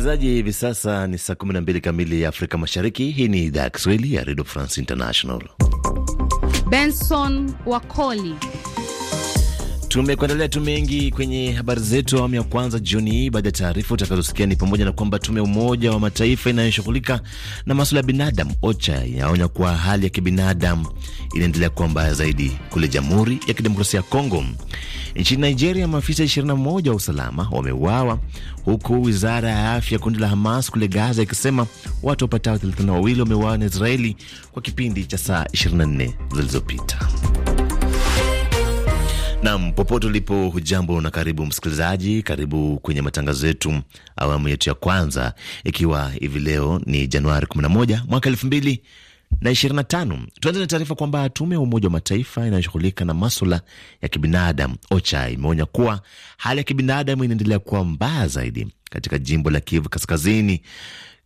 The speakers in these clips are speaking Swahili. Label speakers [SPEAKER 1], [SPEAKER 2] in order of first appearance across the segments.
[SPEAKER 1] Msikilizaji, hivi sasa ni saa 12 kamili ya Afrika Mashariki. Hii ni idhaa ya Kiswahili ya Radio France International. Benson Wakoli Tumekuandalia tu mengi kwenye habari zetu awamu ya kwanza jioni hii. Baada ya taarifa utakazosikia ni pamoja na kwamba tume ya Umoja wa Mataifa inayoshughulika na masuala ya binadamu OCHA inaonya kuwa hali ya kibinadamu inaendelea kuwa mbaya zaidi kule Jamhuri ya Kidemokrasia ya Kongo. Nchini Nigeria, maafisa 21 wa usalama wameuawa, huku wizara ya afya kundi la Hamas kule Gaza ikisema watu wapatao 32 wameuawa na Israeli kwa kipindi cha saa 24 zilizopita. Nam popote ulipo, hujambo na karibu msikilizaji, karibu kwenye matangazo yetu awamu yetu ya kwanza, ikiwa hivi leo ni Januari 11 mwaka 2025. Tuanze na taarifa kwamba tume ya Umoja wa Mataifa inayoshughulika na maswala ya kibinadamu OCHA imeonya kuwa hali ya kibinadamu inaendelea kuwa mbaya zaidi katika jimbo la Kivu Kaskazini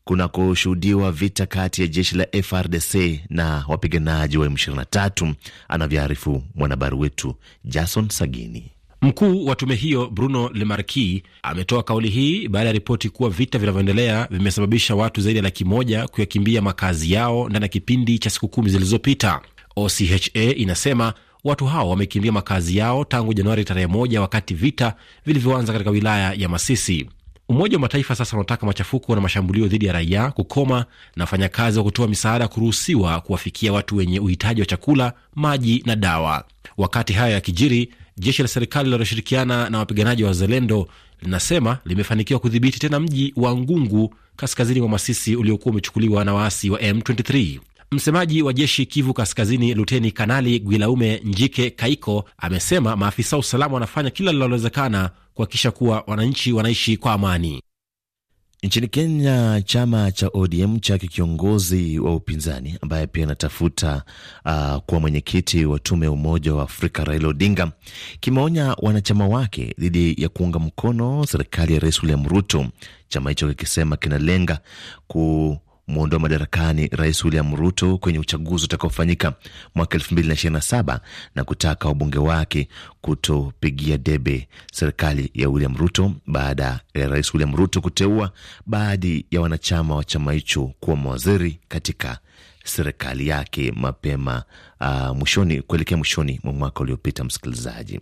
[SPEAKER 1] kunakoshuhudiwa vita kati ya jeshi la FRDC na wapiganaji wa M23, anavyoarifu mwanahabari wetu Jason Sagini.
[SPEAKER 2] Mkuu wa tume hiyo Bruno Lemarquis ametoa kauli hii baada ya ripoti kuwa vita vinavyoendelea vimesababisha watu zaidi ya laki moja kuyakimbia makazi yao ndani ya kipindi cha siku kumi zilizopita. OCHA inasema watu hao wamekimbia makazi yao tangu Januari tarehe moja, wakati vita vilivyoanza katika wilaya ya Masisi. Umoja wa Mataifa sasa unataka machafuko na mashambulio dhidi ya raia kukoma na wafanyakazi wa kutoa misaada kuruhusiwa kuwafikia watu wenye uhitaji wa chakula, maji na dawa. Wakati hayo yakijiri, jeshi la serikali linaloshirikiana na wapiganaji wa wazalendo linasema limefanikiwa kudhibiti tena mji wa Ngungu kaskazini mwa Masisi uliokuwa umechukuliwa na waasi wa M23. Msemaji wa jeshi Kivu Kaskazini, Luteni Kanali Gwilaume Njike Kaiko amesema maafisa wa usalama wanafanya kila linalowezekana kuhakikisha kuwa wananchi wanaishi kwa amani.
[SPEAKER 1] Nchini Kenya, chama cha ODM chake kiongozi wa upinzani ambaye pia anatafuta uh, kuwa mwenyekiti wa tume ya Umoja wa Afrika Raila Odinga kimeonya wanachama wake dhidi ya kuunga mkono serikali ya Rais William Ruto, chama hicho kikisema kinalenga ku kumwondoa madarakani Rais William Ruto kwenye uchaguzi utakaofanyika mwaka 2027 na kutaka wabunge wake kutopigia debe serikali ya William Ruto baada ya Rais William Ruto kuteua baadhi ya wanachama wa chama hicho kuwa mawaziri katika serikali yake mapema uh, mwishoni kuelekea mwishoni mwa mwaka uliopita. Msikilizaji,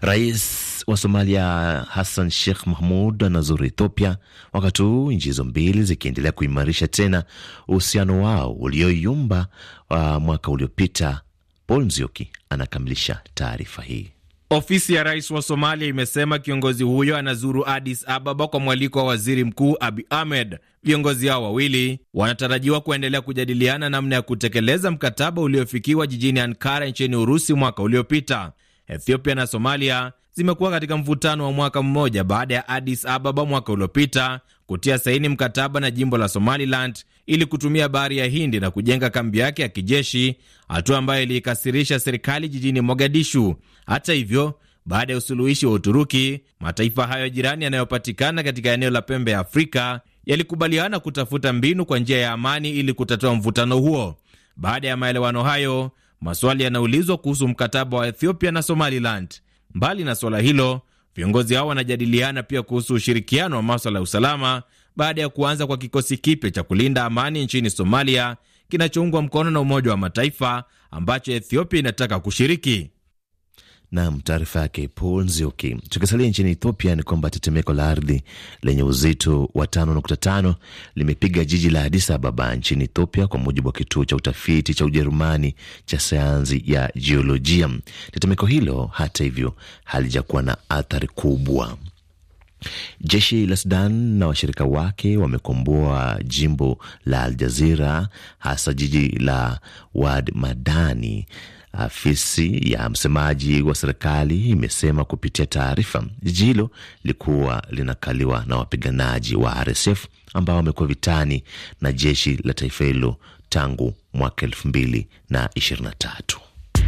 [SPEAKER 1] Rais wa Somalia Hassan Sheikh Mahmud anazuru Ethiopia, wakati huu nchi hizo mbili zikiendelea kuimarisha tena uhusiano wao ulioyumba wa uh, mwaka uliopita. Paul Nzioki anakamilisha taarifa hii.
[SPEAKER 2] Ofisi ya rais wa Somalia imesema kiongozi huyo anazuru Addis Ababa kwa mwaliko wa waziri mkuu Abi Ahmed. Viongozi hao wawili wanatarajiwa kuendelea kujadiliana namna ya kutekeleza mkataba uliofikiwa jijini Ankara nchini Urusi mwaka uliopita. Ethiopia na Somalia zimekuwa katika mvutano wa mwaka mmoja baada ya Addis Ababa mwaka uliopita kutia saini mkataba na jimbo la Somaliland ili kutumia bahari ya Hindi na kujenga kambi yake ya kijeshi, hatua ambayo iliikasirisha serikali jijini Mogadishu. Hata hivyo, baada ya usuluhishi wa Uturuki, mataifa hayo jirani yanayopatikana katika eneo la pembe ya Afrika yalikubaliana kutafuta mbinu kwa njia ya amani ili kutatua mvutano huo. Baada ya maelewano hayo Maswali yanaulizwa kuhusu mkataba wa Ethiopia na Somaliland. Mbali na swala hilo, viongozi hao wanajadiliana pia kuhusu ushirikiano wa maswala ya usalama baada ya kuanza kwa kikosi kipya cha kulinda amani nchini Somalia kinachoungwa mkono na Umoja wa Mataifa ambacho Ethiopia inataka kushiriki.
[SPEAKER 1] Nam, taarifa yake Paul Nzioki. Tukisalia nchini Ethiopia ni kwamba tetemeko la ardhi lenye uzito wa 5.5 limepiga jiji la Addis Ababa nchini Ethiopia, kwa mujibu wa kituo cha utafiti cha Ujerumani cha sayansi ya jiolojia. Tetemeko hilo hata hivyo halijakuwa na athari kubwa. Jeshi la Sudan na washirika wake wamekomboa jimbo la Aljazira, hasa jiji la Wad Madani Afisi ya msemaji wa serikali imesema kupitia taarifa, jiji hilo likuwa linakaliwa na wapiganaji wa RSF ambao wamekuwa vitani na jeshi la taifa hilo tangu mwaka elfu mbili na ishirini na tatu.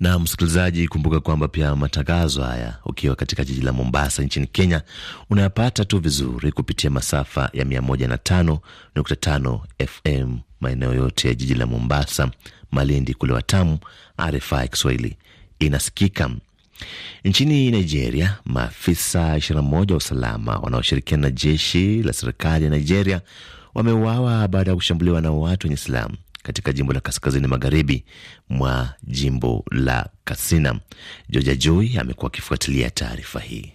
[SPEAKER 1] Na msikilizaji, kumbuka kwamba pia matangazo haya ukiwa katika jiji la Mombasa nchini Kenya unayapata tu vizuri kupitia masafa ya 105.5 FM maeneo yote ya jiji la Mombasa, Malindi kule Watamu. RFI Kiswahili inasikika. Nchini Nigeria, maafisa 21 wa usalama wanaoshirikiana na jeshi la serikali ya Nigeria wameuawa baada ya kushambuliwa na watu wenye silamu katika jimbo la kaskazini magharibi mwa jimbo la Katsina. joja Joy amekuwa akifuatilia taarifa hii.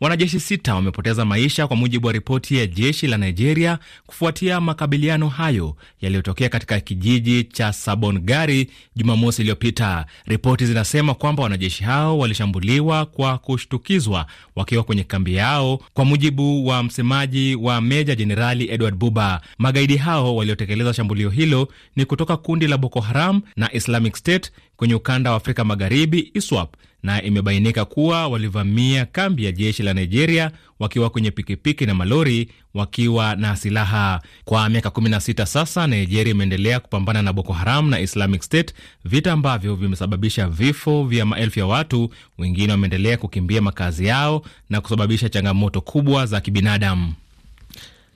[SPEAKER 2] Wanajeshi sita wamepoteza maisha kwa mujibu wa ripoti ya jeshi la Nigeria kufuatia makabiliano hayo yaliyotokea katika kijiji cha Sabongari Jumamosi iliyopita. Ripoti zinasema kwamba wanajeshi hao walishambuliwa kwa kushtukizwa wakiwa kwenye kambi yao, kwa mujibu wa msemaji wa Meja Jenerali Edward Buba. Magaidi hao waliotekeleza shambulio hilo ni kutoka kundi la Boko Haram na Islamic State kwenye ukanda wa Afrika Magharibi ISWAP na imebainika kuwa walivamia kambi ya jeshi la Nigeria wakiwa kwenye pikipiki na malori wakiwa na silaha. Kwa miaka 16 sasa, Nigeria imeendelea kupambana na Boko Haram na Islamic State, vita ambavyo vimesababisha vifo vya maelfu ya watu, wengine wameendelea kukimbia makazi yao na kusababisha changamoto kubwa za kibinadamu.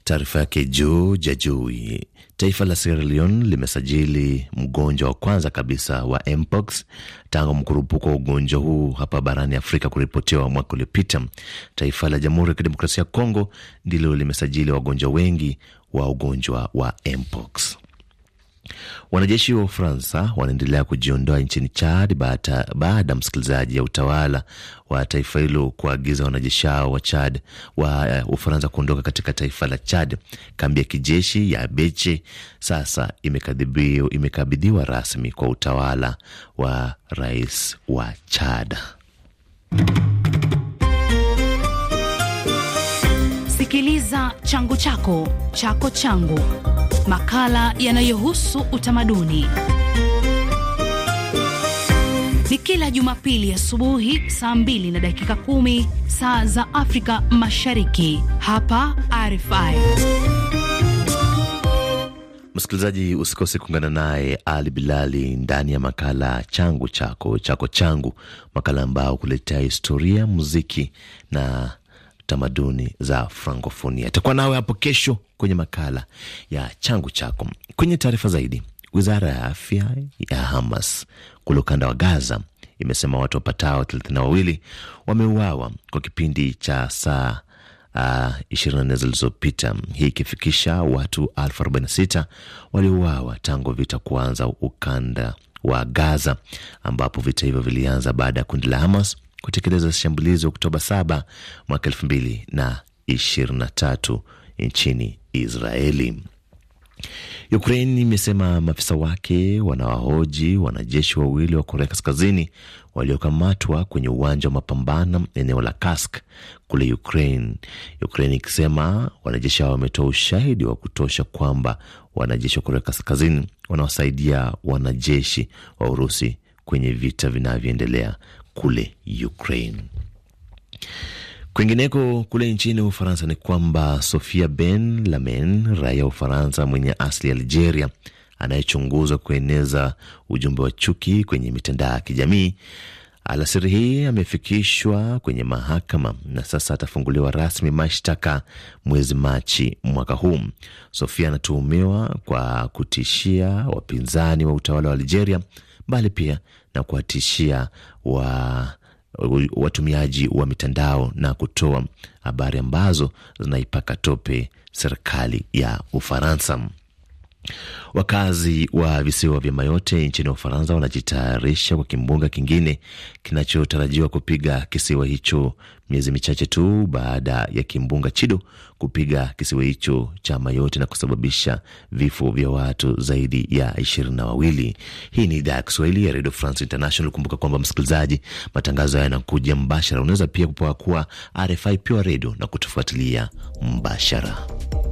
[SPEAKER 1] Taarifa yake juu jajui. Taifa la Sierra Leone limesajili mgonjwa wa kwanza kabisa wa mpox tangu mkurupuko wa ugonjwa huu hapa barani Afrika kuripotiwa mwaka uliopita. Taifa la Jamhuri ya Kidemokrasia ya Kongo ndilo limesajili wagonjwa wengi wa ugonjwa wa mpox. Wanajeshi wa Ufaransa wanaendelea kujiondoa nchini Chad baada ya msikilizaji ya utawala wa taifa hilo kuagiza wanajeshi hao wa Chad wa eh, Ufaransa kuondoka katika taifa la Chad. Kambi ya kijeshi ya Beche sasa imekabidhiwa rasmi kwa utawala wa rais wa Chad. Sikiliza changu chako chako changu, makala yanayohusu utamaduni ni kila Jumapili asubuhi saa 2 na dakika kumi saa za Afrika Mashariki, hapa RFI. Msikilizaji, usikose kuungana naye Ali Bilali ndani ya makala changu chako chako changu, makala ambao kuletea historia, muziki na tamaduni za Frankofonia. Itakuwa nawe hapo kesho kwenye makala ya changu chako. Kwenye taarifa zaidi, wizara ya afya ya Hamas kule ukanda wa Gaza imesema watu wapatao thelathini na wawili wameuawa kwa kipindi cha saa uh, 24 zilizopita, hii ikifikisha watu 46 waliuawa waliouawa tangu vita kuanza ukanda wa Gaza, ambapo vita hivyo vilianza baada ya kundi la Hamas kutekeleza shambulizi Oktoba 7 mwaka 2023 nchini Israeli. Ukraine imesema maafisa wake wanawahoji wanajeshi wawili wa Korea Kaskazini waliokamatwa kwenye uwanja wa mapambano eneo la kask kule Ukraine, Ukraine ikisema wanajeshi hao wametoa ushahidi wa kutosha kwamba wanajeshi wa Korea Kaskazini wanawasaidia wanajeshi wa Urusi kwenye vita vinavyoendelea kule Ukraine. Kwingineko kule nchini Ufaransa ni kwamba Sofia Ben Lamen, raia wa Ufaransa mwenye asili ya Algeria anayechunguzwa kueneza ujumbe wa chuki kwenye mitandao ya kijamii, alasiri hii amefikishwa kwenye mahakama na sasa atafunguliwa rasmi mashtaka mwezi Machi mwaka huu. Sofia anatuhumiwa kwa kutishia wapinzani wa utawala wa Algeria bali pia na kuwatishia wa watumiaji wa mitandao na kutoa habari ambazo zinaipaka tope serikali ya Ufaransa. Wakazi wa visiwa vya Mayotte nchini Ufaransa wanajitayarisha kwa kimbunga kingine kinachotarajiwa kupiga kisiwa hicho miezi michache tu baada ya kimbunga Chido kupiga kisiwa hicho cha Mayotte na kusababisha vifo vya watu zaidi ya ishirini na wawili. Hii ni idhaa ya Kiswahili ya Radio France International. Kumbuka kwamba msikilizaji, matangazo haya yanakuja mbashara. Unaweza pia kupakua RFI Pure Radio na kutufuatilia mbashara.